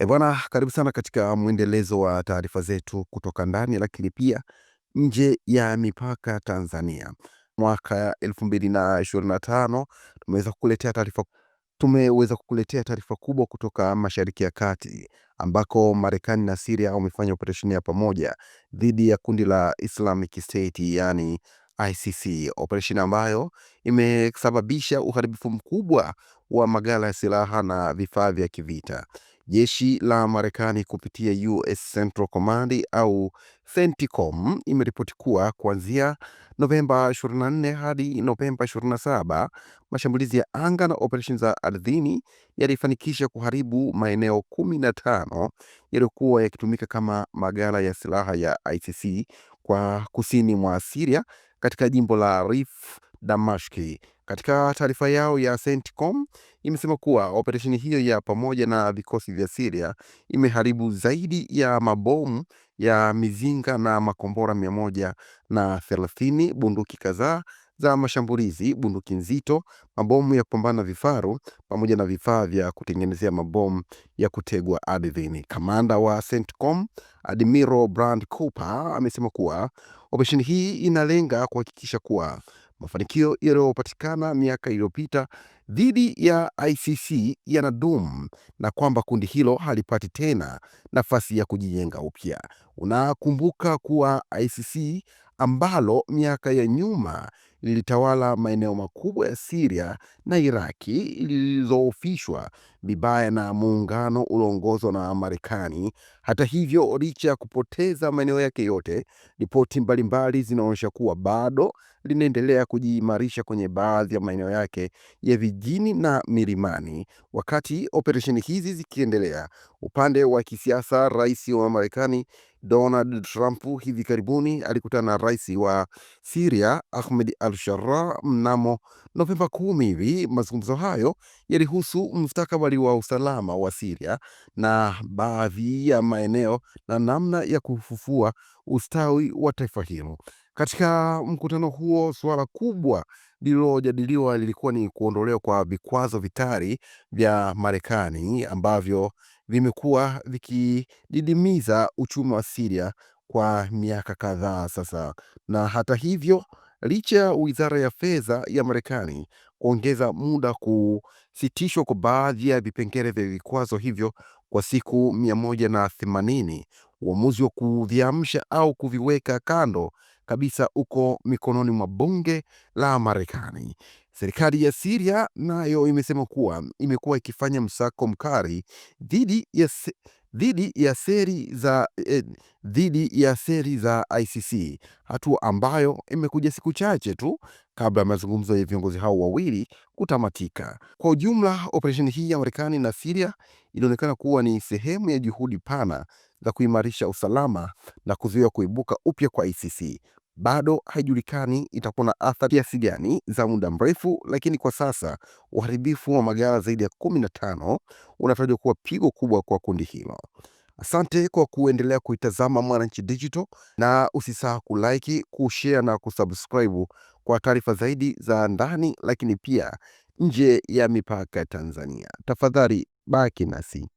E bwana, karibu sana katika mwendelezo wa taarifa zetu kutoka ndani lakini pia nje ya mipaka Tanzania. Mwaka elfu mbili na ishirini na tano tumeweza kukuletea taarifa tumeweza kukuletea taarifa kubwa kutoka Mashariki ya Kati ambako Marekani na Syria wamefanya operesheni ya pamoja dhidi ya kundi la Islamic State yani ICC, operesheni ambayo imesababisha uharibifu mkubwa wa maghala ya silaha na vifaa vya kivita. Jeshi la Marekani kupitia US Central Command au CENTCOM imeripoti kuwa kuanzia Novemba 24 hadi Novemba 27, mashambulizi ya anga na operesheni za ardhini yalifanikisha kuharibu maeneo kumi na tano yaliyokuwa yakitumika kama maghala ya silaha ya ICC kwa kusini mwa Syria katika jimbo la Rif Damashki. Katika taarifa yao ya CENTCOM imesema kuwa operesheni hiyo ya pamoja na vikosi vya Syria imeharibu zaidi ya mabomu ya mizinga na makombora mia moja na thelathini, bunduki kadhaa za mashambulizi, bunduki nzito, mabomu ya kupambana vifaru, pamoja na vifaa vya kutengenezea mabomu ya kutegwa ardhini. Kamanda wa CENTCOM Admiral Brand Cooper amesema kuwa operesheni hii inalenga kuhakikisha kuwa mafanikio yaliyopatikana miaka iliyopita dhidi ya ICC yanadumu na kwamba kundi hilo halipati tena nafasi ya kujijenga upya. Unakumbuka kuwa ICC ambalo miaka ya nyuma lilitawala maeneo makubwa ya Siria na Iraki zilizoofishwa vibaya na muungano ulioongozwa na Marekani. Hata hivyo, licha ya kupoteza maeneo yake yote, ripoti mbalimbali zinaonyesha kuwa bado linaendelea kujiimarisha kwenye baadhi ya maeneo yake ya vijini na milimani. Wakati operesheni hizi zikiendelea, upande wa kisiasa, rais wa Marekani Donald Trump hivi karibuni alikutana na rais wa siria Ahmed al-Sharaa mnamo Novemba kumi hivi. Mazungumzo hayo yalihusu mustakabali askari wa usalama wa Syria na baadhi ya maeneo na namna ya kufufua ustawi wa taifa hilo. Katika mkutano huo, suala kubwa lililojadiliwa lilikuwa ni kuondolewa kwa vikwazo vitari vya Marekani ambavyo vimekuwa vikididimiza uchumi wa Syria kwa miaka kadhaa sasa. Na hata hivyo licha ya wizara ya fedha ya Marekani kuongeza muda kusitishwa kwa baadhi ya vipengele vya vikwazo hivyo kwa siku mia moja na themanini, uamuzi wa kuviamsha au kuviweka kando kabisa uko mikononi mwa bunge la Marekani. Serikali ya siria nayo imesema kuwa imekuwa ikifanya msako mkali dhidi ya dhidi ya seri za eh, dhidi ya seri za ICC, hatua ambayo imekuja siku chache tu kabla ya mazungumzo ya viongozi hao wawili kutamatika. Kwa ujumla, operesheni hii ya Marekani na Syria inaonekana kuwa ni sehemu ya juhudi pana za kuimarisha usalama na kuzuia kuibuka upya kwa ICC bado haijulikani itakuwa na athari kiasi gani za muda mrefu, lakini kwa sasa uharibifu wa magara zaidi ya kumi na tano kuwa pigo kubwa kwa kundi hilo. Asante kwa kuendelea kuitazama Mwananchi Digital, na usisahau kulike, kushare na kusubscribe kwa taarifa zaidi za ndani, lakini pia nje ya mipaka ya Tanzania. Tafadhali baki nasi.